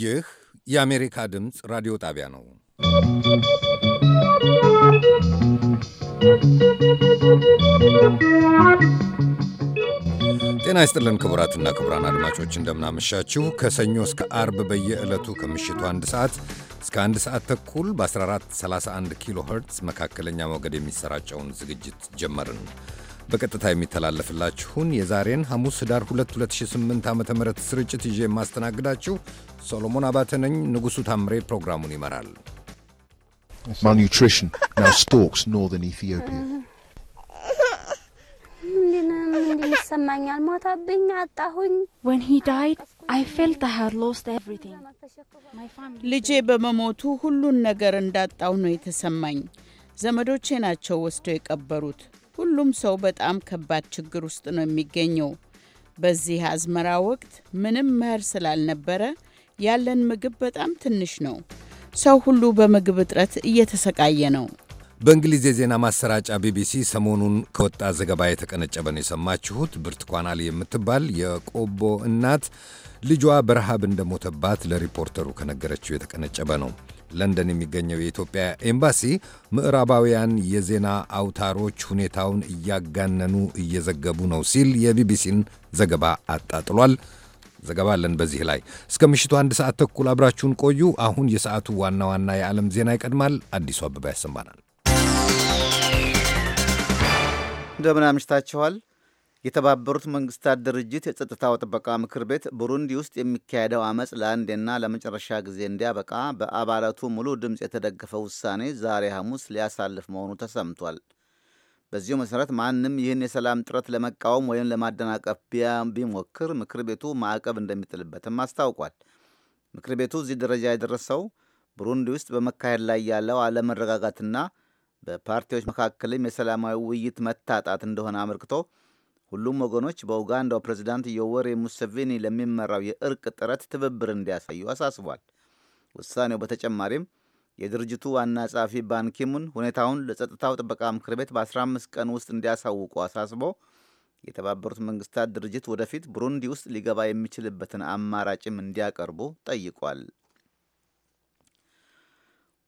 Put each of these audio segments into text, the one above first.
ይህ የአሜሪካ ድምፅ ራዲዮ ጣቢያ ነው። ጤና ይስጥልን ክቡራትና ክቡራን አድማጮች እንደምናመሻችሁ። ከሰኞ እስከ አርብ በየዕለቱ ከምሽቱ አንድ ሰዓት እስከ አንድ ሰዓት ተኩል በ1431 ኪሎ ኸርትዝ መካከለኛ ሞገድ የሚሰራጨውን ዝግጅት ጀመርን። በቀጥታ የሚተላለፍላችሁን የዛሬን ሐሙስ ዳር 2 2008 ዓ ም ስርጭት ይዤ የማስተናግዳችሁ ሶሎሞን አባተ ነኝ። ንጉሡ ታምሬ ፕሮግራሙን ይመራል። malnutrition now ይሰማኛል ሞታብኝ አጣሁኝ። when he died I felt I had lost everything. ልጄ በመሞቱ ሁሉን ነገር እንዳጣሁ ነው የተሰማኝ። ዘመዶቼ ናቸው ወስደው የቀበሩት። ሁሉም ሰው በጣም ከባድ ችግር ውስጥ ነው የሚገኘው። በዚህ አዝመራ ወቅት ምንም መኸር ስላልነበረ ያለን ምግብ በጣም ትንሽ ነው። ሰው ሁሉ በምግብ እጥረት እየተሰቃየ ነው። በእንግሊዝ የዜና ማሰራጫ ቢቢሲ ሰሞኑን ከወጣ ዘገባ የተቀነጨበ ነው የሰማችሁት። ብርቱካን አሊ የምትባል የቆቦ እናት ልጇ በረሃብ እንደሞተባት ለሪፖርተሩ ከነገረችው የተቀነጨበ ነው። ለንደን የሚገኘው የኢትዮጵያ ኤምባሲ ምዕራባውያን የዜና አውታሮች ሁኔታውን እያጋነኑ እየዘገቡ ነው ሲል የቢቢሲን ዘገባ አጣጥሏል። ዘገባ አለን በዚህ ላይ እስከ ምሽቱ አንድ ሰዓት ተኩል አብራችሁን ቆዩ። አሁን የሰዓቱ ዋና ዋና የዓለም ዜና ይቀድማል። አዲሱ አበባ ያሰማናል። እንደምን አምሽታችኋል። የተባበሩት መንግስታት ድርጅት የጸጥታው ጥበቃ ምክር ቤት ቡሩንዲ ውስጥ የሚካሄደው አመፅ ለአንዴና ለመጨረሻ ጊዜ እንዲያበቃ በአባላቱ ሙሉ ድምፅ የተደገፈ ውሳኔ ዛሬ ሐሙስ ሊያሳልፍ መሆኑ ተሰምቷል። በዚሁ መሠረት ማንም ይህን የሰላም ጥረት ለመቃወም ወይም ለማደናቀፍ ቢሞክር ምክር ቤቱ ማዕቀብ እንደሚጥልበትም አስታውቋል። ምክር ቤቱ እዚህ ደረጃ የደረሰው ቡሩንዲ ውስጥ በመካሄድ ላይ ያለው አለመረጋጋትና በፓርቲዎች መካከልም የሰላማዊ ውይይት መታጣት እንደሆነ አመልክቶ ሁሉም ወገኖች በኡጋንዳው ፕሬዚዳንት የወሬ ሙሴቬኒ ለሚመራው የእርቅ ጥረት ትብብር እንዲያሳዩ አሳስቧል። ውሳኔው በተጨማሪም የድርጅቱ ዋና ጸሐፊ ባንኪሙን ሁኔታውን ለጸጥታው ጥበቃ ምክር ቤት በ15 ቀን ውስጥ እንዲያሳውቁ አሳስቦ የተባበሩት መንግስታት ድርጅት ወደፊት ቡሩንዲ ውስጥ ሊገባ የሚችልበትን አማራጭም እንዲያቀርቡ ጠይቋል።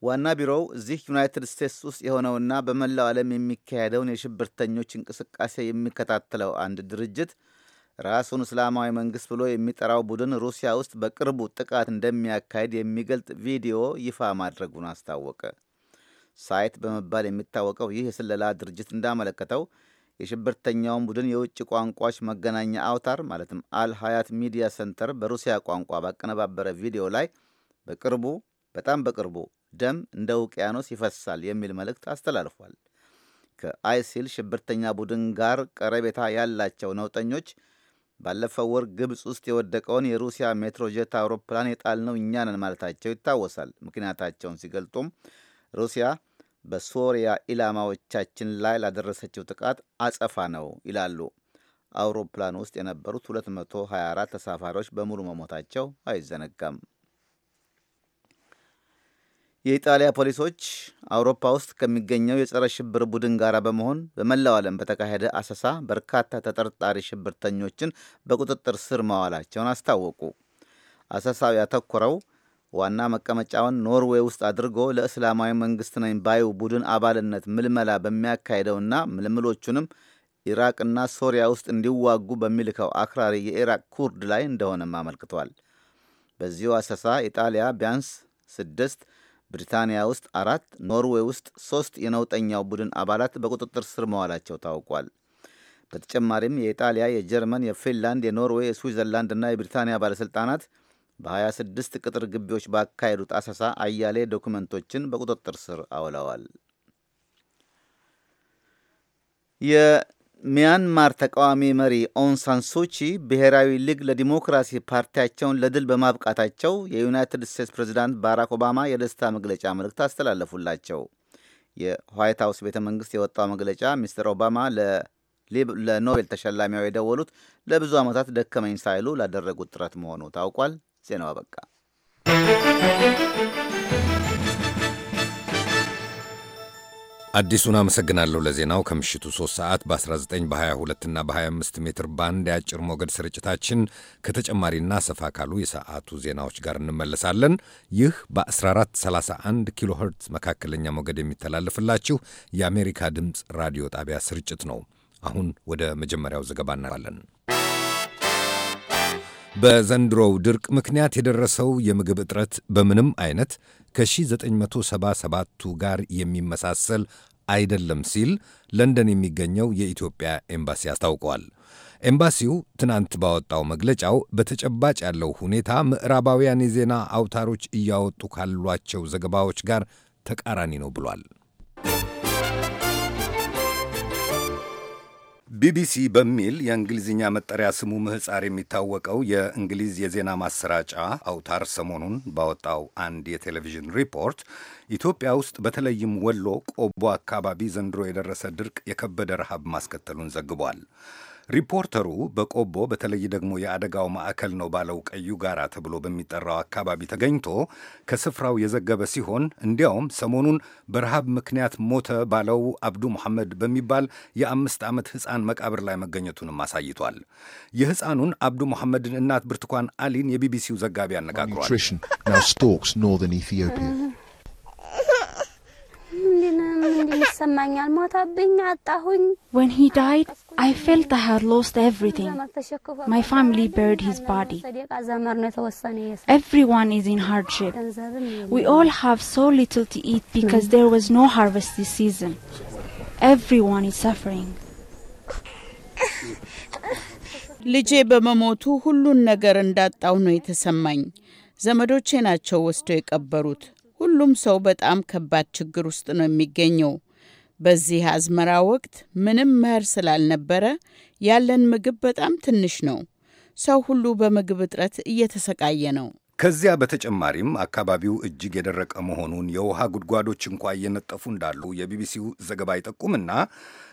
ዋና ቢሮው እዚህ ዩናይትድ ስቴትስ ውስጥ የሆነውና በመላው ዓለም የሚካሄደውን የሽብርተኞች እንቅስቃሴ የሚከታተለው አንድ ድርጅት ራሱን እስላማዊ መንግስት ብሎ የሚጠራው ቡድን ሩሲያ ውስጥ በቅርቡ ጥቃት እንደሚያካሂድ የሚገልጥ ቪዲዮ ይፋ ማድረጉን አስታወቀ። ሳይት በመባል የሚታወቀው ይህ የስለላ ድርጅት እንዳመለከተው የሽብርተኛውን ቡድን የውጭ ቋንቋዎች መገናኛ አውታር ማለትም አል ሀያት ሚዲያ ሴንተር በሩሲያ ቋንቋ ባቀነባበረ ቪዲዮ ላይ በቅርቡ በጣም በቅርቡ ደም እንደ ውቅያኖስ ይፈሳል የሚል መልእክት አስተላልፏል። ከአይሲል ሽብርተኛ ቡድን ጋር ቀረቤታ ያላቸው ነውጠኞች ባለፈው ወር ግብፅ ውስጥ የወደቀውን የሩሲያ ሜትሮጀት አውሮፕላን የጣልነው እኛ ነን ማለታቸው ይታወሳል። ምክንያታቸውን ሲገልጡም ሩሲያ በሶሪያ ኢላማዎቻችን ላይ ላደረሰችው ጥቃት አጸፋ ነው ይላሉ። አውሮፕላን ውስጥ የነበሩት 224 ተሳፋሪዎች በሙሉ መሞታቸው አይዘነጋም። የኢጣሊያ ፖሊሶች አውሮፓ ውስጥ ከሚገኘው የጸረ ሽብር ቡድን ጋር በመሆን በመላው ዓለም በተካሄደ አሰሳ በርካታ ተጠርጣሪ ሽብርተኞችን በቁጥጥር ስር ማዋላቸውን አስታወቁ። አሰሳው ያተኮረው ዋና መቀመጫውን ኖርዌይ ውስጥ አድርጎ ለእስላማዊ መንግስት ነኝ ባዩ ቡድን አባልነት ምልመላ በሚያካሄደውና ምልምሎቹንም ኢራቅና ሶሪያ ውስጥ እንዲዋጉ በሚልከው አክራሪ የኢራቅ ኩርድ ላይ እንደሆነም አመልክቷል። በዚሁ አሰሳ ኢጣሊያ ቢያንስ ስድስት ብሪታንያ ውስጥ አራት፣ ኖርዌይ ውስጥ ሶስት የነውጠኛው ቡድን አባላት በቁጥጥር ስር መዋላቸው ታውቋል። በተጨማሪም የኢጣሊያ፣ የጀርመን፣ የፊንላንድ፣ የኖርዌይ፣ የስዊዘርላንድ እና የብሪታንያ ባለሥልጣናት በ26 ቅጥር ግቢዎች ባካሄዱት አሰሳ አያሌ ዶኩመንቶችን በቁጥጥር ስር አውለዋል። ሚያንማር ተቃዋሚ መሪ ኦንሳን ሱቺ ብሔራዊ ሊግ ለዲሞክራሲ ፓርቲያቸውን ለድል በማብቃታቸው የዩናይትድ ስቴትስ ፕሬዚዳንት ባራክ ኦባማ የደስታ መግለጫ መልእክት አስተላለፉላቸው። የዋይት ሀውስ ቤተ መንግስት የወጣው መግለጫ ሚስተር ኦባማ ለኖቤል ተሸላሚያው የደወሉት ለብዙ ዓመታት ደከመኝ ሳይሉ ላደረጉት ጥረት መሆኑ ታውቋል። ዜናው አበቃ። አዲሱን አመሰግናለሁ ለዜናው። ከምሽቱ 3 ሰዓት በ19 በ22 እና በ25 ሜትር ባንድ የአጭር ሞገድ ስርጭታችን ከተጨማሪና ሰፋ ካሉ የሰዓቱ ዜናዎች ጋር እንመለሳለን። ይህ በ1431 ኪሎ ሄርትዝ መካከለኛ ሞገድ የሚተላለፍላችሁ የአሜሪካ ድምፅ ራዲዮ ጣቢያ ስርጭት ነው። አሁን ወደ መጀመሪያው ዘገባ እናለን። በዘንድሮው ድርቅ ምክንያት የደረሰው የምግብ እጥረት በምንም አይነት ከ1977ቱ ጋር የሚመሳሰል አይደለም ሲል ለንደን የሚገኘው የኢትዮጵያ ኤምባሲ አስታውቀዋል። ኤምባሲው ትናንት ባወጣው መግለጫው በተጨባጭ ያለው ሁኔታ ምዕራባውያን የዜና አውታሮች እያወጡ ካሏቸው ዘገባዎች ጋር ተቃራኒ ነው ብሏል። ቢቢሲ በሚል የእንግሊዝኛ መጠሪያ ስሙ ምህጻር የሚታወቀው የእንግሊዝ የዜና ማሰራጫ አውታር ሰሞኑን ባወጣው አንድ የቴሌቪዥን ሪፖርት ኢትዮጵያ ውስጥ በተለይም ወሎ ቆቦ አካባቢ ዘንድሮ የደረሰ ድርቅ የከበደ ረሃብ ማስከተሉን ዘግቧል። ሪፖርተሩ በቆቦ በተለይ ደግሞ የአደጋው ማዕከል ነው ባለው ቀዩ ጋራ ተብሎ በሚጠራው አካባቢ ተገኝቶ ከስፍራው የዘገበ ሲሆን እንዲያውም ሰሞኑን በረሃብ ምክንያት ሞተ ባለው አብዱ መሐመድ በሚባል የአምስት ዓመት ሕፃን መቃብር ላይ መገኘቱንም አሳይቷል። የሕፃኑን አብዱ መሐመድን እናት ብርቱካን አሊን የቢቢሲው ዘጋቢ አነጋግሯል። ህመም ይሰማኛል። ሞተብኝ፣ አጣሁኝ። When he died, I felt I had lost everything. My family buried his body. Everyone is in hardship. We all have so little to eat because there was no harvest this season. Everyone is suffering. ልጄ በመሞቱ ሁሉን ነገር እንዳጣው ነው የተሰማኝ። ዘመዶቼ ናቸው ወስደው የቀበሩት። ሁሉም ሰው በጣም ከባድ ችግር ውስጥ ነው የሚገኘው። በዚህ አዝመራ ወቅት ምንም መኸር ስላልነበረ ያለን ምግብ በጣም ትንሽ ነው። ሰው ሁሉ በምግብ እጥረት እየተሰቃየ ነው። ከዚያ በተጨማሪም አካባቢው እጅግ የደረቀ መሆኑን የውሃ ጉድጓዶች እንኳ እየነጠፉ እንዳሉ የቢቢሲው ዘገባ አይጠቁምና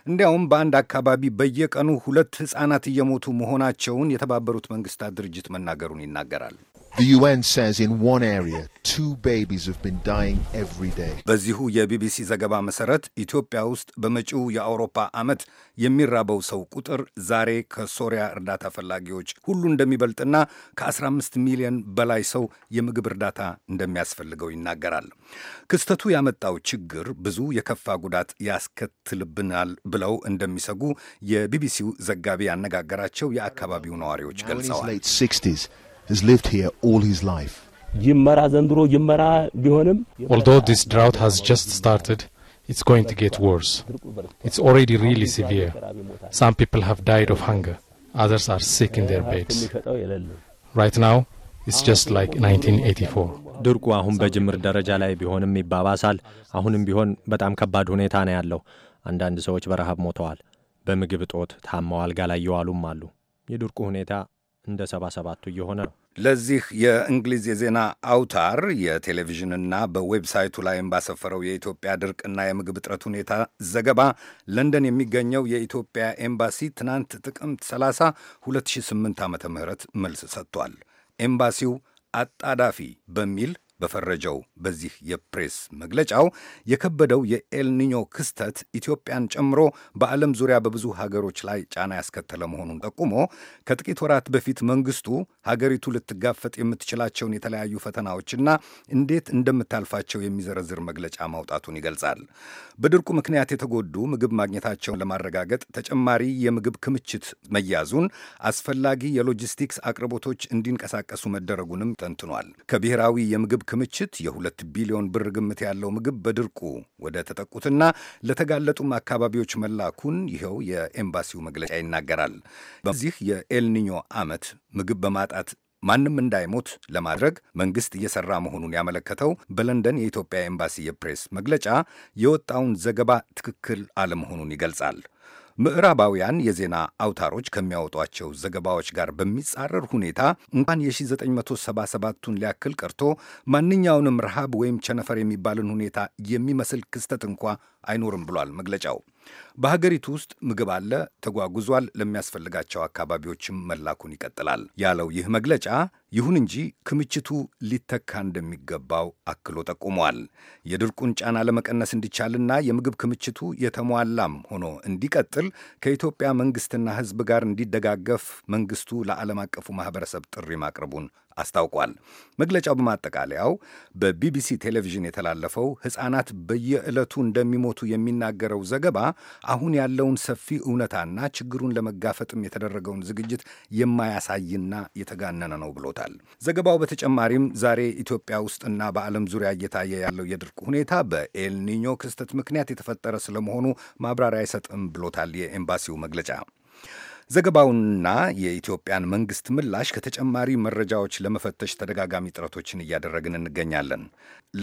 እንዲያውም በአንድ አካባቢ በየቀኑ ሁለት ሕፃናት እየሞቱ መሆናቸውን የተባበሩት መንግስታት ድርጅት መናገሩን ይናገራል። The UN says in one area two babies have been dying every day. በዚሁ የቢቢሲ ዘገባ መሰረት ኢትዮጵያ ውስጥ በመጪው የአውሮፓ ዓመት የሚራበው ሰው ቁጥር ዛሬ ከሶሪያ እርዳታ ፈላጊዎች ሁሉ እንደሚበልጥና ከ15 ሚሊዮን በላይ ሰው የምግብ እርዳታ እንደሚያስፈልገው ይናገራል። ክስተቱ ያመጣው ችግር ብዙ የከፋ ጉዳት ያስከትልብናል ብለው እንደሚሰጉ የቢቢሲው ዘጋቢ ያነጋገራቸው የአካባቢው ነዋሪዎች ገልጸዋል። has lived here all his life. Although this drought has just started, it's going to get worse. It's already really severe. Some people have died of hunger, others are sick in their beds. Right now, it's just like 1984. በምግብ እጦት ታመው አልጋ ላይ የዋሉም አሉ። የድርቁ ሁኔታ እንደ ሰባ ሰባቱ እየሆነ ነው። ለዚህ የእንግሊዝ የዜና አውታር የቴሌቪዥንና በዌብሳይቱ ላይም ባሰፈረው የኢትዮጵያ ድርቅና የምግብ እጥረት ሁኔታ ዘገባ ለንደን የሚገኘው የኢትዮጵያ ኤምባሲ ትናንት ጥቅምት 30 2008 ዓ ም መልስ ሰጥቷል። ኤምባሲው አጣዳፊ በሚል በፈረጀው በዚህ የፕሬስ መግለጫው የከበደው የኤልኒኞ ክስተት ኢትዮጵያን ጨምሮ በዓለም ዙሪያ በብዙ ሀገሮች ላይ ጫና ያስከተለ መሆኑን ጠቁሞ ከጥቂት ወራት በፊት መንግስቱ ሀገሪቱ ልትጋፈጥ የምትችላቸውን የተለያዩ ፈተናዎችና እንዴት እንደምታልፋቸው የሚዘረዝር መግለጫ ማውጣቱን ይገልጻል። በድርቁ ምክንያት የተጎዱ ምግብ ማግኘታቸውን ለማረጋገጥ ተጨማሪ የምግብ ክምችት መያዙን፣ አስፈላጊ የሎጂስቲክስ አቅርቦቶች እንዲንቀሳቀሱ መደረጉንም ተንትኗል። ከብሔራዊ የምግብ ክምችት የሁለት ቢሊዮን ብር ግምት ያለው ምግብ በድርቁ ወደ ተጠቁትና ለተጋለጡም አካባቢዎች መላኩን ይኸው የኤምባሲው መግለጫ ይናገራል። በዚህ የኤልኒኞ ዓመት ምግብ በማጣት ማንም እንዳይሞት ለማድረግ መንግስት እየሰራ መሆኑን ያመለከተው በለንደን የኢትዮጵያ ኤምባሲ የፕሬስ መግለጫ የወጣውን ዘገባ ትክክል አለመሆኑን ይገልጻል። ምዕራባውያን የዜና አውታሮች ከሚያወጧቸው ዘገባዎች ጋር በሚጻረር ሁኔታ እንኳን የ1977ቱን ሊያክል ቀርቶ ማንኛውንም ረሃብ ወይም ቸነፈር የሚባልን ሁኔታ የሚመስል ክስተት እንኳ አይኖርም ብሏል መግለጫው። በሀገሪቱ ውስጥ ምግብ አለ፣ ተጓጉዟል፣ ለሚያስፈልጋቸው አካባቢዎችም መላኩን ይቀጥላል ያለው ይህ መግለጫ፣ ይሁን እንጂ ክምችቱ ሊተካ እንደሚገባው አክሎ ጠቁሟል። የድርቁን ጫና ለመቀነስ እንዲቻልና የምግብ ክምችቱ የተሟላም ሆኖ እንዲቀጥል ከኢትዮጵያ መንግስትና ሕዝብ ጋር እንዲደጋገፍ መንግስቱ ለዓለም አቀፉ ማህበረሰብ ጥሪ ማቅረቡን አስታውቋል። መግለጫው በማጠቃለያው በቢቢሲ ቴሌቪዥን የተላለፈው ሕፃናት በየዕለቱ እንደሚሞቱ የሚናገረው ዘገባ አሁን ያለውን ሰፊ እውነታና ችግሩን ለመጋፈጥም የተደረገውን ዝግጅት የማያሳይና የተጋነነ ነው ብሎታል። ዘገባው በተጨማሪም ዛሬ ኢትዮጵያ ውስጥና በዓለም ዙሪያ እየታየ ያለው የድርቅ ሁኔታ በኤልኒኞ ክስተት ምክንያት የተፈጠረ ስለመሆኑ ማብራሪያ አይሰጥም ብሎታል የኤምባሲው መግለጫ። ዘገባውንና የኢትዮጵያን መንግሥት ምላሽ ከተጨማሪ መረጃዎች ለመፈተሽ ተደጋጋሚ ጥረቶችን እያደረግን እንገኛለን።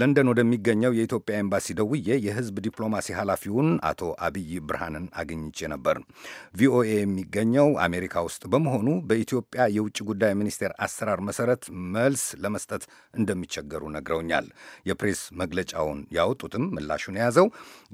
ለንደን ወደሚገኘው የኢትዮጵያ ኤምባሲ ደውዬ የህዝብ ዲፕሎማሲ ኃላፊውን አቶ አብይ ብርሃንን አግኝቼ ነበር። ቪኦኤ የሚገኘው አሜሪካ ውስጥ በመሆኑ በኢትዮጵያ የውጭ ጉዳይ ሚኒስቴር አሰራር መሰረት መልስ ለመስጠት እንደሚቸገሩ ነግረውኛል። የፕሬስ መግለጫውን ያወጡትም ምላሹን የያዘው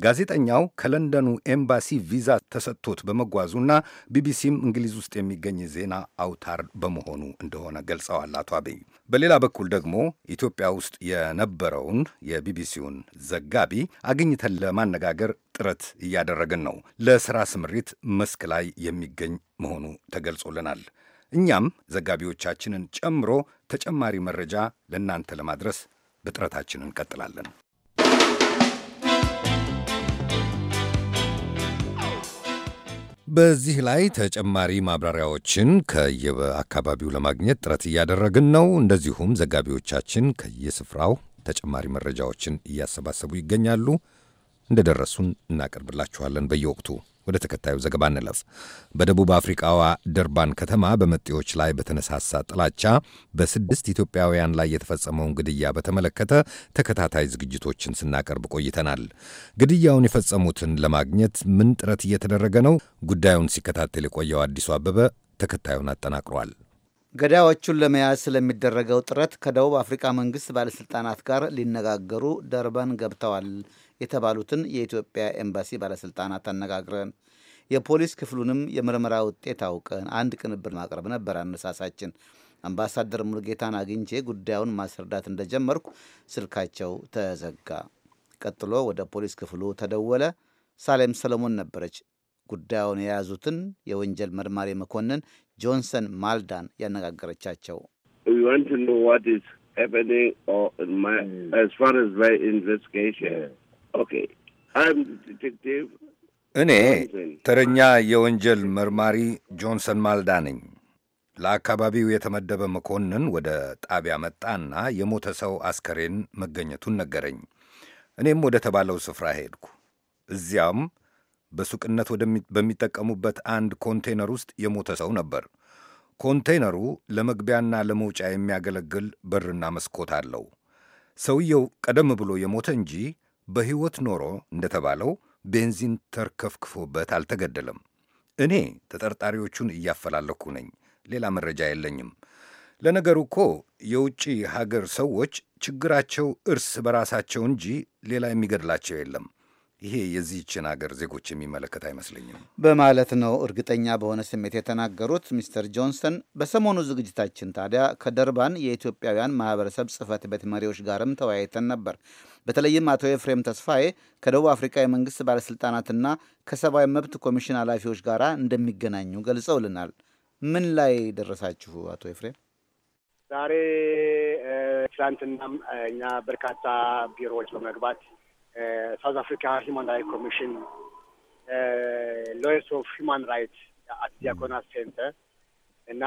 ጋዜጠኛው ከለንደኑ ኤምባሲ ቪዛ ተሰጥቶት በመጓዙና ቢቢሲም እንግሊዝ ውስጥ የሚገኝ ዜና አውታር በመሆኑ እንደሆነ ገልጸዋል አቶ አብይ። በሌላ በኩል ደግሞ ኢትዮጵያ ውስጥ የነበረውን የቢቢሲውን ዘጋቢ አግኝተን ለማነጋገር ጥረት እያደረግን ነው። ለስራ ስምሪት መስክ ላይ የሚገኝ መሆኑ ተገልጾልናል። እኛም ዘጋቢዎቻችንን ጨምሮ ተጨማሪ መረጃ ለእናንተ ለማድረስ በጥረታችን እንቀጥላለን። በዚህ ላይ ተጨማሪ ማብራሪያዎችን ከየአካባቢው ለማግኘት ጥረት እያደረግን ነው። እንደዚሁም ዘጋቢዎቻችን ከየስፍራው ተጨማሪ መረጃዎችን እያሰባሰቡ ይገኛሉ። እንደደረሱን እናቀርብላችኋለን በየወቅቱ ወደ ተከታዩ ዘገባ እንለፍ። በደቡብ አፍሪቃዋ ደርባን ከተማ በመጤዎች ላይ በተነሳሳ ጥላቻ በስድስት ኢትዮጵያውያን ላይ የተፈጸመውን ግድያ በተመለከተ ተከታታይ ዝግጅቶችን ስናቀርብ ቆይተናል። ግድያውን የፈጸሙትን ለማግኘት ምን ጥረት እየተደረገ ነው? ጉዳዩን ሲከታተል የቆየው አዲሱ አበበ ተከታዩን አጠናቅሯል። ገዳዮቹን ለመያዝ ስለሚደረገው ጥረት ከደቡብ አፍሪካ መንግስት ባለሥልጣናት ጋር ሊነጋገሩ ደርበን ገብተዋል። የተባሉትን የኢትዮጵያ ኤምባሲ ባለስልጣናት አነጋግረን የፖሊስ ክፍሉንም የምርመራ ውጤት አውቀን አንድ ቅንብር ማቅረብ ነበር አነሳሳችን። አምባሳደር ሙልጌታን አግኝቼ ጉዳዩን ማስረዳት እንደጀመርኩ ስልካቸው ተዘጋ። ቀጥሎ ወደ ፖሊስ ክፍሉ ተደወለ። ሳሌም ሰለሞን ነበረች ጉዳዩን የያዙትን የወንጀል መርማሪ መኮንን ጆንሰን ማልዳን ያነጋገረቻቸው። እኔ ተረኛ የወንጀል መርማሪ ጆንሰን ማልዳ ነኝ። ለአካባቢው የተመደበ መኮንን ወደ ጣቢያ መጣና የሞተ ሰው አስከሬን መገኘቱን ነገረኝ። እኔም ወደ ተባለው ስፍራ ሄድኩ። እዚያም በሱቅነት በሚጠቀሙበት አንድ ኮንቴነር ውስጥ የሞተ ሰው ነበር። ኮንቴነሩ ለመግቢያና ለመውጫ የሚያገለግል በርና መስኮት አለው። ሰውየው ቀደም ብሎ የሞተ እንጂ በሕይወት ኖሮ እንደተባለው ቤንዚን ተርከፍክፎበት አልተገደለም። እኔ ተጠርጣሪዎቹን እያፈላለኩ ነኝ። ሌላ መረጃ የለኝም። ለነገሩ እኮ የውጭ ሀገር ሰዎች ችግራቸው እርስ በራሳቸው እንጂ ሌላ የሚገድላቸው የለም። ይሄ የዚህችን አገር ዜጎች የሚመለከት አይመስለኝም በማለት ነው እርግጠኛ በሆነ ስሜት የተናገሩት ሚስተር ጆንሰን። በሰሞኑ ዝግጅታችን ታዲያ ከደርባን የኢትዮጵያውያን ማህበረሰብ ጽህፈት ቤት መሪዎች ጋርም ተወያይተን ነበር። በተለይም አቶ ኤፍሬም ተስፋዬ ከደቡብ አፍሪካ የመንግስት ባለስልጣናትና ከሰብአዊ መብት ኮሚሽን ኃላፊዎች ጋር እንደሚገናኙ ገልጸውልናል። ምን ላይ ደረሳችሁ አቶ ኤፍሬም? ዛሬ ትላንትና እኛ በርካታ ቢሮዎች በመግባት ሳውዝ አፍሪካ ሂማን ራይት ኮሚሽን ሎየርስ ኦፍ ሂማን ራይት አት ዲያኮናት ሴንተር እና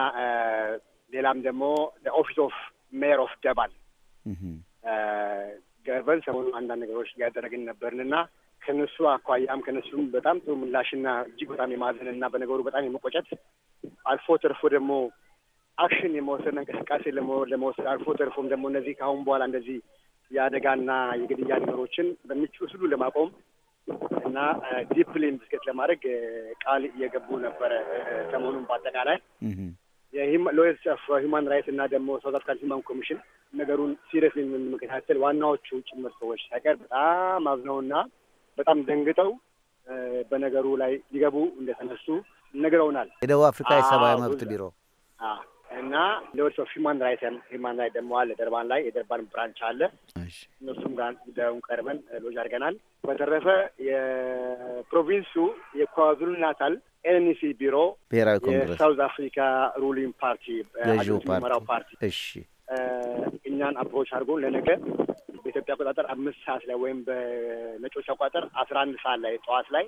ሌላም ደግሞ ኦፊስ ኦፍ ሜየር ኦፍ ደባል ገርበን ሰሞኑ አንዳንድ ነገሮች እያደረግን ነበርን እና ከነሱ አኳያም ከነሱም በጣም ጥሩ ምላሽና እጅግ በጣም የማዘን እና በነገሩ በጣም የመቆጨት አልፎ ተርፎ ደግሞ አክሽን የመወሰድ እንቅስቃሴ ለመወሰድ አልፎ ተርፎም ደግሞ እነዚህ ከአሁን በኋላ እንደዚህ የአደጋና የግድያ ነገሮችን በሚችሉ ለማቆም እና ዲፕሊን ብስኬት ለማድረግ ቃል እየገቡ ነበረ። ሰሞኑን በአጠቃላይ ሎየስ ኦፍ ሂውማን ራይትስ እና ደግሞ ሳውዝ አፍሪካን ሂውማን ኮሚሽን ነገሩን ሲሪየስ የምንመከታተል ዋናዎቹ ጭምር ሰዎች ሳይቀር በጣም አዝነውና በጣም ደንግጠው በነገሩ ላይ ሊገቡ እንደተነሱ ነግረውናል። የደቡብ አፍሪካ የሰብአዊ መብት ቢሮ እና ሌሎች ኦፍ ሂማን ራይት ሂማን ራይት ደግሞ አለ ደርባን ላይ የደርባን ብራንች አለ። እነሱም ጋር ጉዳዩን ቀርበን ሎጅ አድርገናል። በተረፈ የፕሮቪንሱ የኳዙሉ ናታል ኤንሲ ቢሮ ብሔራዊ ኮንግረስ የሳውዝ አፍሪካ ሩሊንግ ፓርቲ የሚመራው ፓርቲ እሺ እኛን አፕሮች አድርጎ ለነገ በኢትዮጵያ አቆጣጠር አምስት ሰዓት ላይ ወይም በነጮች አቆጣጠር አስራ አንድ ሰዓት ላይ ጠዋት ላይ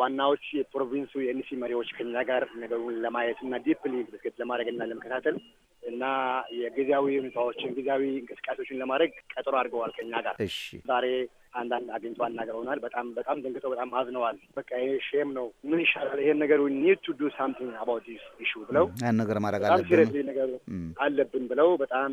ዋናዎች የፕሮቪንሱ የኤንሲ መሪዎች ከኛ ጋር ነገሩን ለማየት እና ዲፕሊ ለማድረግ እና ለመከታተል እና የጊዜያዊ ሁኔታዎችን ጊዜያዊ እንቅስቃሴዎችን ለማድረግ ቀጠሮ አድርገዋል ከኛ ጋር። ዛሬ አንዳንድ አግኝቶ አናግረውናል። በጣም በጣም ደንግጠው በጣም አዝነዋል። በቃ ይሄ ሼም ነው። ምን ይሻላል? ይሄን ነገር ኒድ ቱ ዱ ሳምቲንግ አባውት ዲስ ኢሹ ብለው ያን ነገር ማድረግ አለብን ነገር አለብን ብለው በጣም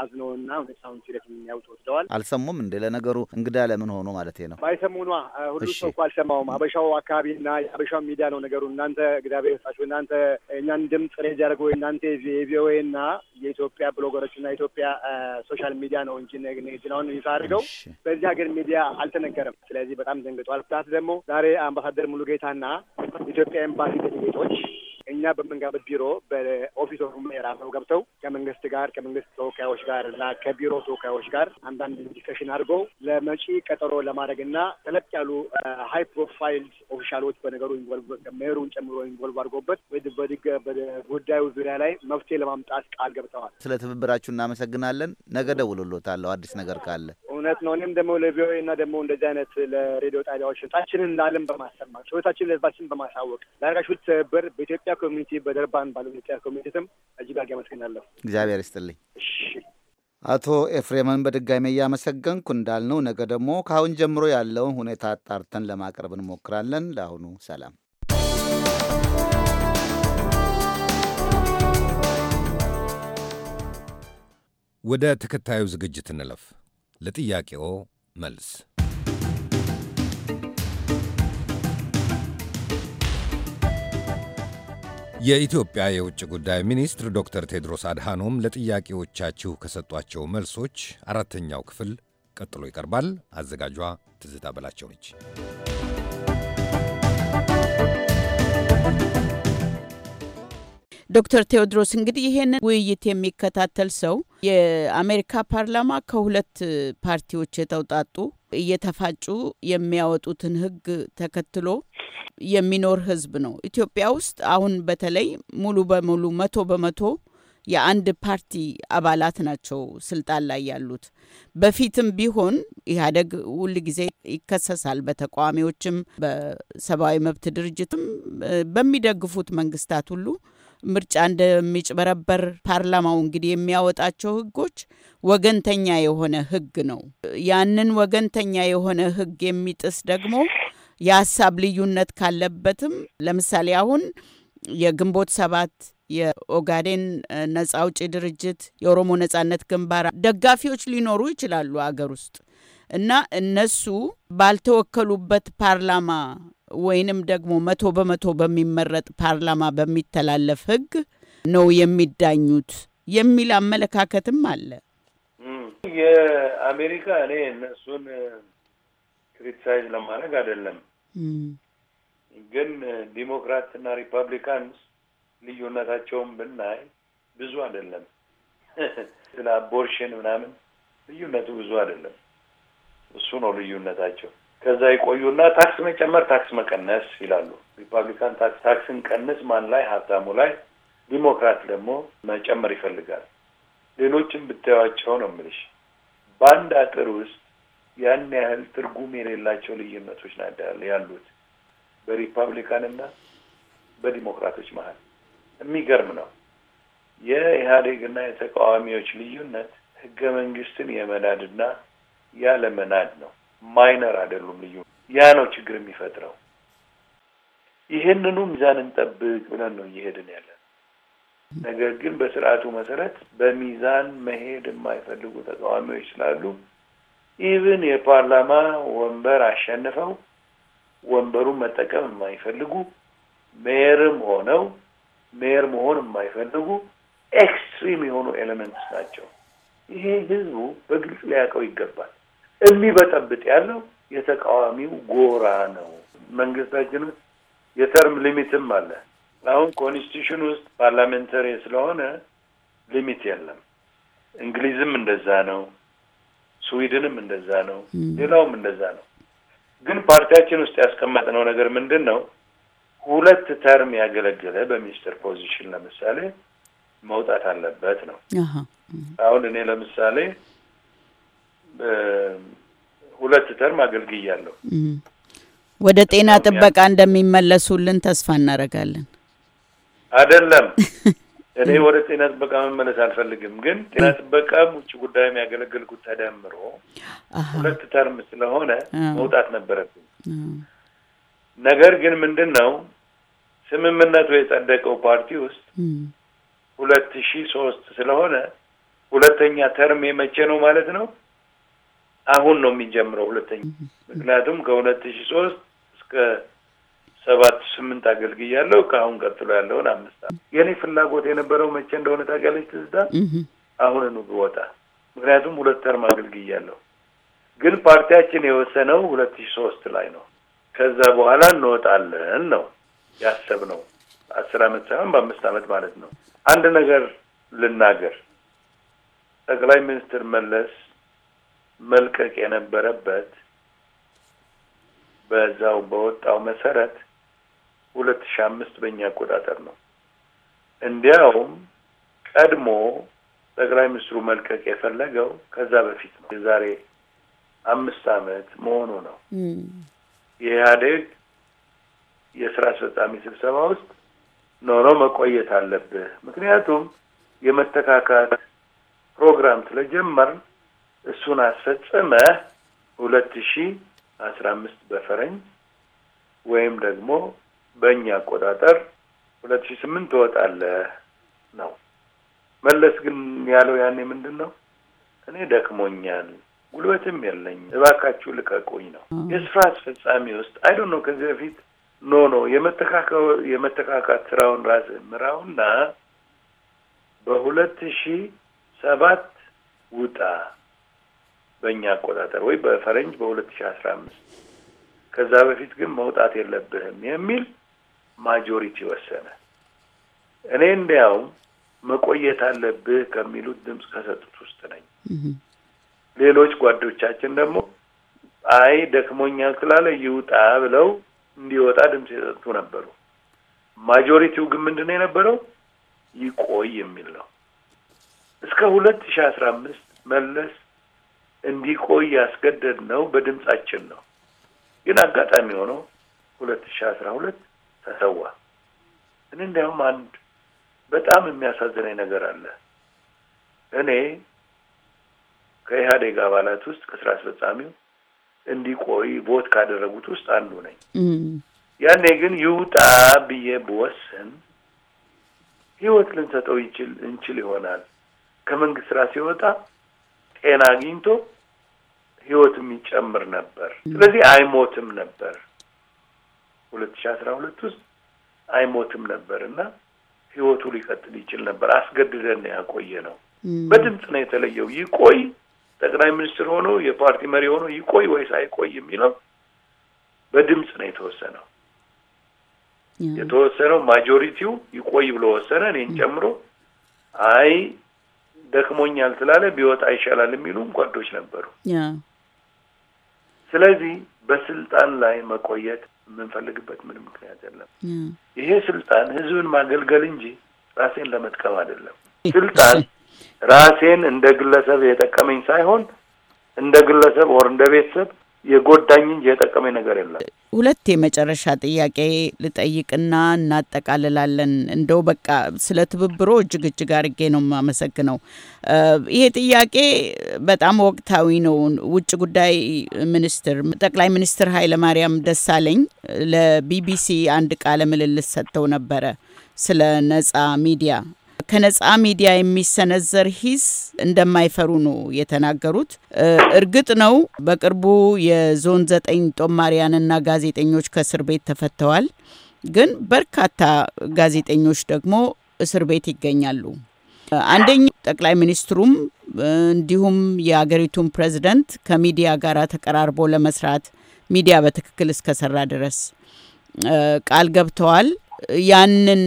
አዝነውና ሁኔታውን ሲሪየስ የሚያዩት ወስደዋል። አልሰሙም እንዴ? ለነገሩ እንግዳ ለምን ሆኖ ማለት ነው ባይሰሙኗ ሁሉ ሰው እኮ አልሰማውም። አበሻው አካባቢና የአበሻው ሚዲያ ነው ነገሩ። እናንተ እግዚአብሔር ይስጣችሁ። እናንተ እኛን ድምፅ ሬዝ ወይ እናንተ የቪኦኤና የኢትዮጵያ ብሎገሮች ብሎገሮችና የኢትዮጵያ ሶሻል ሚዲያ ነው እንጂ ዜናውን ይፋ አድርገው በዚያ ገር ሚዲያ አልተነገረም። ስለዚህ በጣም ደንግጧል። ታት ደግሞ ዛሬ አምባሳደር ሙሉጌታና ኢትዮጵያ ኤምባሲ ደሌጌቶች እኛ በምንጋበት ቢሮ በኦፊስ ኦፍ የራሰው ገብተው ከመንግስት ጋር ከመንግስት ተወካዮች ጋር እና ከቢሮ ተወካዮች ጋር አንዳንድ ዲስከሽን አድርገው ለመጪ ቀጠሮ ለማድረግ እና ተለቅ ያሉ ሀይ ፕሮፋይል ኦፊሻሎች በነገሩ ሜሩን ጨምሮ ኢንቮልቭ አድርገውበት በጉዳዩ ዙሪያ ላይ መፍትሄ ለማምጣት ቃል ገብተዋል። ስለ ትብብራችሁ እናመሰግናለን። ነገ ደውሎሎታለሁ አዲስ ነገር ካለ እውነት ነው። እኔም ደግሞ ለቪኦኤ እና ደግሞ እንደዚህ አይነት ለሬዲዮ ጣቢያዎች ህጣችንን ለዓለም በማሰማት ህይወታችን ለህዝባችን በማሳወቅ ለአራሹ ትብብር በኢትዮጵያ ኮሚኒቲ በደርባን ባለው ኢትዮጵያ ኮሚኒቲትም እጅግ አድርጌ አመሰግናለሁ። እግዚአብሔር ይስጥልኝ። አቶ ኤፍሬምን በድጋሚ እያመሰገንኩ እንዳልነው ነገ ደግሞ ከአሁን ጀምሮ ያለውን ሁኔታ አጣርተን ለማቅረብ እንሞክራለን። ለአሁኑ ሰላም። ወደ ተከታዩ ዝግጅት እንለፍ። ለጥያቄዎ መልስ የኢትዮጵያ የውጭ ጉዳይ ሚኒስትር ዶክተር ቴድሮስ አድሃኖም ለጥያቄዎቻችሁ ከሰጧቸው መልሶች አራተኛው ክፍል ቀጥሎ ይቀርባል። አዘጋጇ ትዝታ በላቸው ነች። ዶክተር ቴዎድሮስ እንግዲህ ይሄንን ውይይት የሚከታተል ሰው የአሜሪካ ፓርላማ ከሁለት ፓርቲዎች የተውጣጡ እየተፋጩ የሚያወጡትን ሕግ ተከትሎ የሚኖር ሕዝብ ነው። ኢትዮጵያ ውስጥ አሁን በተለይ ሙሉ በሙሉ መቶ በመቶ የአንድ ፓርቲ አባላት ናቸው ስልጣን ላይ ያሉት። በፊትም ቢሆን ኢህአዴግ ሁል ጊዜ ይከሰሳል፣ በተቃዋሚዎችም፣ በሰብአዊ መብት ድርጅትም፣ በሚደግፉት መንግስታት ሁሉ ምርጫ እንደሚጭበረበር ፓርላማው እንግዲህ የሚያወጣቸው ህጎች ወገንተኛ የሆነ ህግ ነው። ያንን ወገንተኛ የሆነ ህግ የሚጥስ ደግሞ የሀሳብ ልዩነት ካለበትም ለምሳሌ አሁን የግንቦት ሰባት የኦጋዴን ነጻ አውጪ ድርጅት የኦሮሞ ነጻነት ግንባር ደጋፊዎች ሊኖሩ ይችላሉ አገር ውስጥ እና እነሱ ባልተወከሉበት ፓርላማ ወይንም ደግሞ መቶ በመቶ በሚመረጥ ፓርላማ በሚተላለፍ ህግ ነው የሚዳኙት የሚል አመለካከትም አለ። የአሜሪካ እኔ እነሱን ክሪቲሳይዝ ለማድረግ አይደለም፣ ግን ዲሞክራትና ሪፐብሊካንስ ልዩነታቸውን ብናይ ብዙ አይደለም። ስለ አቦርሽን ምናምን ልዩነቱ ብዙ አይደለም። እሱ ነው ልዩነታቸው። ከዛ ይቆዩና ታክስ መጨመር፣ ታክስ መቀነስ ይላሉ። ሪፐብሊካን ታክስን ቀንስ ማን ላይ? ሀብታሙ ላይ። ዲሞክራት ደግሞ መጨመር ይፈልጋል። ሌሎችን ብታዩቸው ነው የምልሽ በአንድ አጥር ውስጥ ያን ያህል ትርጉም የሌላቸው ልዩነቶች ናዳል ያሉት በሪፐብሊካንና በዲሞክራቶች መሀል የሚገርም ነው። የኢህአዴግና የተቃዋሚዎች ልዩነት ህገ መንግስትን የመናድና ያለመናድ ነው። ማይነር አይደሉም፣ ልዩ ያ ነው ችግር የሚፈጥረው። ይህንኑ ሚዛን እንጠብቅ ብለን ነው እየሄድን ያለን። ነገር ግን በስርዓቱ መሰረት በሚዛን መሄድ የማይፈልጉ ተቃዋሚዎች ስላሉ ኢቭን የፓርላማ ወንበር አሸንፈው ወንበሩን መጠቀም የማይፈልጉ ሜርም ሆነው ሜር መሆን የማይፈልጉ ኤክስትሪም የሆኑ ኤሌመንትስ ናቸው። ይሄ ህዝቡ በግልጽ ሊያውቀው ይገባል። የሚበጠብጥ ያለው የተቃዋሚው ጎራ ነው። መንግስታችን ውስጥ የተርም ሊሚትም አለ። አሁን ኮንስቲቱሽን ውስጥ ፓርላሜንተሪ ስለሆነ ሊሚት የለም። እንግሊዝም እንደዛ ነው፣ ስዊድንም እንደዛ ነው፣ ሌላውም እንደዛ ነው። ግን ፓርቲያችን ውስጥ ያስቀመጥነው ነገር ምንድን ነው? ሁለት ተርም ያገለገለ በሚኒስትር ፖዚሽን ለምሳሌ መውጣት አለበት ነው። አሁን እኔ ለምሳሌ ሁለት ተርም አገልግያለሁ። ወደ ጤና ጥበቃ እንደሚመለሱልን ተስፋ እናደርጋለን። አይደለም እኔ ወደ ጤና ጥበቃ መመለስ አልፈልግም፣ ግን ጤና ጥበቃ ውጭ ጉዳይም ያገለገልኩት ተደምሮ ሁለት ተርም ስለሆነ መውጣት ነበረብኝ። ነገር ግን ምንድን ነው ስምምነቱ የጸደቀው ፓርቲ ውስጥ ሁለት ሺህ ሶስት ስለሆነ ሁለተኛ ተርም የመቼ ነው ማለት ነው አሁን ነው የሚጀምረው ሁለተኛ። ምክንያቱም ከሁለት ሺ ሶስት እስከ ሰባት ስምንት አገልግያለሁ። ከአሁን ቀጥሎ ያለውን አምስት የኔ ፍላጎት የነበረው መቼ እንደሆነ ታውቂያለሽ ትዝታ፣ አሁን ኑ ብወጣ። ምክንያቱም ሁለት ተርም አገልግያለሁ፣ ግን ፓርቲያችን የወሰነው ሁለት ሺ ሶስት ላይ ነው። ከዛ በኋላ እንወጣለን ነው ነው አስር አመት ሳይሆን በአምስት አመት ማለት ነው። አንድ ነገር ልናገር ጠቅላይ ሚኒስትር መለስ መልቀቅ የነበረበት በዛው በወጣው መሰረት ሁለት ሺ አምስት በእኛ አቆጣጠር ነው። እንዲያውም ቀድሞ ጠቅላይ ሚኒስትሩ መልቀቅ የፈለገው ከዛ በፊት ነው። የዛሬ አምስት አመት መሆኑ ነው። የኢህአዴግ የስራ አስፈጻሚ ስብሰባ ውስጥ ኖሮ መቆየት አለብህ፣ ምክንያቱም የመተካካት ፕሮግራም ስለጀመርን እሱን አስፈጽመ ሁለት ሺ አስራ አምስት በፈረኝ ወይም ደግሞ በእኛ አቆጣጠር ሁለት ሺ ስምንት ትወጣለህ ነው። መለስ ግን ያለው ያኔ ምንድን ነው እኔ ደክሞኛል ጉልበትም የለኝ እባካችሁ ልቀቁኝ ነው። የስራ አስፈጻሚ ውስጥ አይዶ ነው። ከዚህ በፊት ኖ ኖ የመተካካት ስራውን ራስ ምራውና በሁለት ሺ ሰባት ውጣ በእኛ አቆጣጠር ወይ በፈረንጅ በሁለት ሺ አስራ አምስት ከዛ በፊት ግን መውጣት የለብህም የሚል ማጆሪቲ ወሰነ። እኔ እንዲያውም መቆየት አለብህ ከሚሉት ድምፅ ከሰጡት ውስጥ ነኝ። ሌሎች ጓዶቻችን ደግሞ አይ ደክሞኛል ስላለ ይውጣ ብለው እንዲወጣ ድምፅ የሰጡ ነበሩ። ማጆሪቲው ግን ምንድን ነው የነበረው? ይቆይ የሚል ነው። እስከ ሁለት ሺ አስራ አምስት መለስ እንዲቆይ ያስገደድ ነው በድምጻችን ነው። ግን አጋጣሚ ሆኖ ሁለት ሺ አስራ ሁለት ተሰዋ። እኔ እንዲያውም አንድ በጣም የሚያሳዝነኝ ነገር አለ። እኔ ከኢህአዴግ አባላት ውስጥ ከስራ አስፈጻሚው እንዲቆይ ቦት ካደረጉት ውስጥ አንዱ ነኝ። ያኔ ግን ይውጣ ብዬ ብወስን ህይወት ልንሰጠው ይችል እንችል ይሆናል። ከመንግስት ስራ ሲወጣ ጤና አግኝቶ ህይወትም ይጨምር ነበር። ስለዚህ አይሞትም ነበር። ሁለት ሺ አስራ ሁለት ውስጥ አይሞትም ነበር እና ህይወቱ ሊቀጥል ይችል ነበር። አስገድደን ያቆየ ነው። በድምፅ ነው የተለየው። ይቆይ ጠቅላይ ሚኒስትር ሆኖ የፓርቲ መሪ ሆኖ ይቆይ ወይስ አይቆይ የሚለው በድምፅ ነው የተወሰነው። የተወሰነው ማጆሪቲው ይቆይ ብሎ ወሰነ፣ እኔን ጨምሮ። አይ ደክሞኛል ስላለ ቢወጣ ይሻላል የሚሉም ጓዶች ነበሩ። ስለዚህ በስልጣን ላይ መቆየት የምንፈልግበት ምንም ምክንያት የለም። ይሄ ስልጣን ህዝብን ማገልገል እንጂ ራሴን ለመጥቀም አይደለም። ስልጣን ራሴን እንደ ግለሰብ የጠቀመኝ ሳይሆን እንደ ግለሰብ ወር እንደ ቤተሰብ የጎዳኝ እንጂ የጠቀመኝ ነገር የለም። ሁለት የመጨረሻ ጥያቄ ልጠይቅና እናጠቃልላለን። እንደው በቃ ስለ ትብብሮ እጅግ እጅግ አድርጌ ነው የማመሰግነው። ይሄ ጥያቄ በጣም ወቅታዊ ነው። ውጭ ጉዳይ ሚኒስትር ጠቅላይ ሚኒስትር ኃይለማርያም ደሳለኝ ለቢቢሲ አንድ ቃለ ምልልስ ሰጥተው ነበረ ስለ ነጻ ሚዲያ ከነጻ ሚዲያ የሚሰነዘር ሂስ እንደማይፈሩ ነው የተናገሩት። እርግጥ ነው በቅርቡ የዞን ዘጠኝ ጦማሪያንና ጋዜጠኞች ከእስር ቤት ተፈተዋል። ግን በርካታ ጋዜጠኞች ደግሞ እስር ቤት ይገኛሉ። አንደኛው ጠቅላይ ሚኒስትሩም እንዲሁም የአገሪቱን ፕሬዚደንት ከሚዲያ ጋር ተቀራርቦ ለመስራት ሚዲያ በትክክል እስከሰራ ድረስ ቃል ገብተዋል። ያንን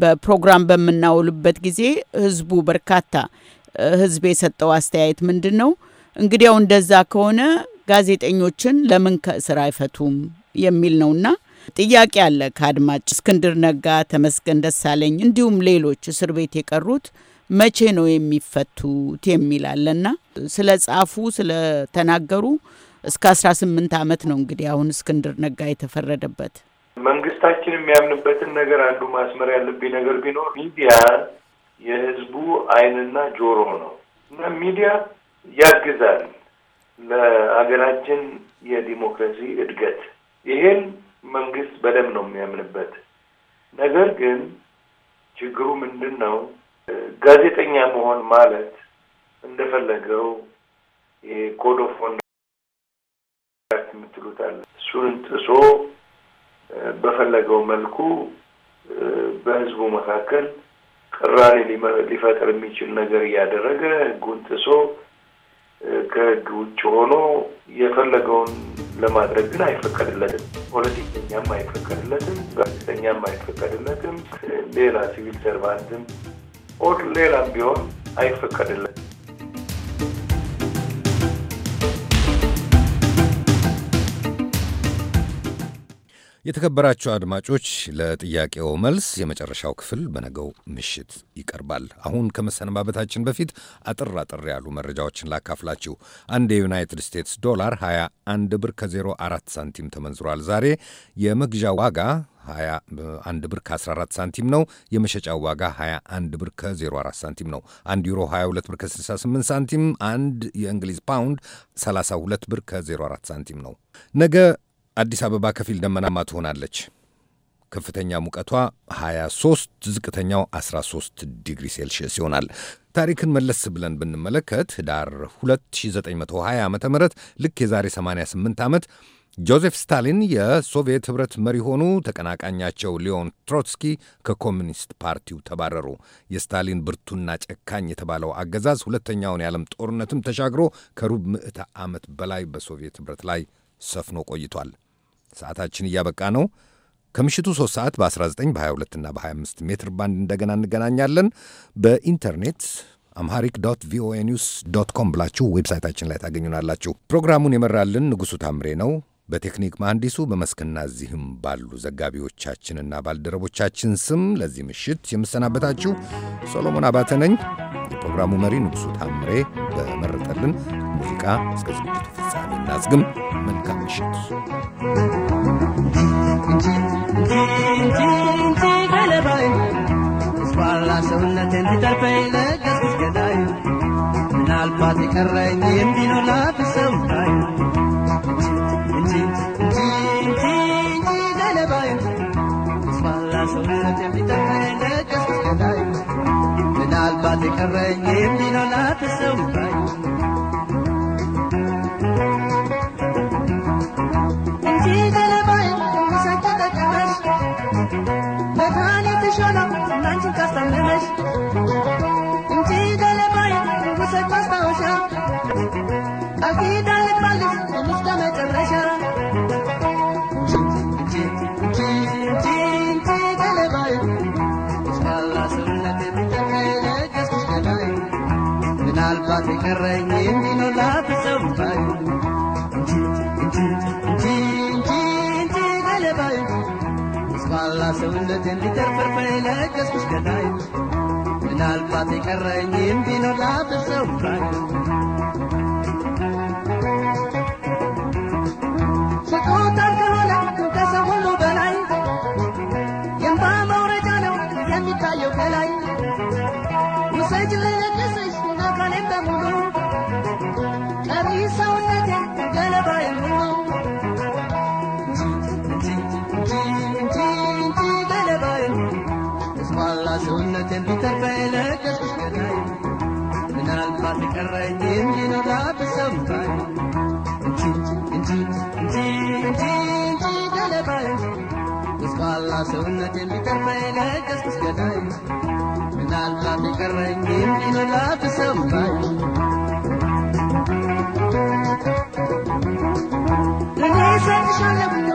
በፕሮግራም በምናውልበት ጊዜ ህዝቡ በርካታ ህዝብ የሰጠው አስተያየት ምንድን ነው? እንግዲያው እንደዛ ከሆነ ጋዜጠኞችን ለምን ከእስር አይፈቱም የሚል ነውና ጥያቄ አለ ከአድማጭ እስክንድር ነጋ፣ ተመስገን ደሳለኝ እንዲሁም ሌሎች እስር ቤት የቀሩት መቼ ነው የሚፈቱት የሚል አለና ስለ ጻፉ ስለተናገሩ እስከ 18 ዓመት ነው እንግዲህ አሁን እስክንድር ነጋ የተፈረደበት። መንግስታችን የሚያምንበትን ነገር አንዱ ማስመር ያለብኝ ነገር ቢኖር ሚዲያ የህዝቡ አይንና ጆሮ ነው እና ሚዲያ ያግዛል ለሀገራችን የዲሞክራሲ እድገት። ይሄን መንግስት በደንብ ነው የሚያምንበት። ነገር ግን ችግሩ ምንድን ነው? ጋዜጠኛ መሆን ማለት እንደፈለገው ኮዶፎን የምትሉት አለ እሱን ጥሶ በፈለገው መልኩ በህዝቡ መካከል ቅራኔ ሊፈጥር የሚችል ነገር እያደረገ ህጉን ጥሶ ከህግ ውጭ ሆኖ የፈለገውን ለማድረግ ግን አይፈቀድለትም። ፖለቲከኛም አይፈቀድለትም፣ ጋዜጠኛም አይፈቀድለትም፣ ሌላ ሲቪል ሰርቫንትም ኦር ሌላም ቢሆን አይፈቀድለትም። የተከበራቸው አድማጮች ለጥያቄው መልስ የመጨረሻው ክፍል በነገው ምሽት ይቀርባል። አሁን ከመሰነባበታችን በፊት አጥር አጥር ያሉ መረጃዎችን ላካፍላችሁ። አንድ የዩናይትድ ስቴትስ ዶላር 21 ብር ከ04 ሳንቲም ተመንዝሯል። ዛሬ የመግዣ ዋጋ 21 ብር ከ14 ሳንቲም ነው። የመሸጫው ዋጋ 21 ብር ከ04 ሳንቲም ነው። አንድ ዩሮ 22 ብር ከ68 ሳንቲም፣ አንድ የእንግሊዝ ፓውንድ 32 ብር ከ04 ሳንቲም ነው። ነገ አዲስ አበባ ከፊል ደመናማ ትሆናለች። ከፍተኛ ሙቀቷ 23፣ ዝቅተኛው 13 ዲግሪ ሴልሺየስ ይሆናል። ታሪክን መለስ ብለን ብንመለከት ህዳር 2920 ዓ ም ልክ የዛሬ 88 ዓመት ጆዜፍ ስታሊን የሶቪየት ኅብረት መሪ ሆኑ። ተቀናቃኛቸው ሊዮን ትሮትስኪ ከኮሚኒስት ፓርቲው ተባረሩ። የስታሊን ብርቱና ጨካኝ የተባለው አገዛዝ ሁለተኛውን የዓለም ጦርነትም ተሻግሮ ከሩብ ምዕተ ዓመት በላይ በሶቪየት ኅብረት ላይ ሰፍኖ ቆይቷል። ሰዓታችን እያበቃ ነው። ከምሽቱ 3 ሰዓት በ19 በ22 እና በ25 ሜትር ባንድ እንደገና እንገናኛለን። በኢንተርኔት አምሃሪክ ዶት ቪኦኤ ኒውስ ዶት ኮም ብላችሁ ዌብሳይታችን ላይ ታገኙናላችሁ። ፕሮግራሙን የመራልን ንጉሡ ታምሬ ነው። በቴክኒክ መሐንዲሱ በመስክና እዚህም ባሉ ዘጋቢዎቻችንና ባልደረቦቻችን ስም ለዚህ ምሽት የምሰናበታችሁ ሶሎሞን አባተ ነኝ። የፕሮግራሙ መሪ ንጉሡ ታምሬ በመረ ይቀርብልን ሙዚቃ እስከ ዝግጅቱ ፍጻሜ እናዝግም። መልካም ምሽት። ምናልባት የቀረኝ የሚኖላ ብሰውታይ እንጂ እንጂ እንጂ እንጂ ገለባይ ባላ ሰውነትን ትጠርፈኝ ለገስግስ ምናልባት የቀረኝ የሚኖላ ብሰውታይ ቃትን ሊተር ፍርፍሬ ገዳይ ምናልባት የቀረኝም ቢኖር ላፍርሰው ቀረኝ እንጂኖ ዳብ ሰንባይ እንጂ እንጂ እንጂ እንጂ እንጂ ገለባይ ቁስቋላ ሰውነት የሚቀርበኝ ለገስኩስ ገዳይ ምናልባት የቀረኝ እንጂኖ ዳብ ሰንባይ እኔ ሰጥሻለሁ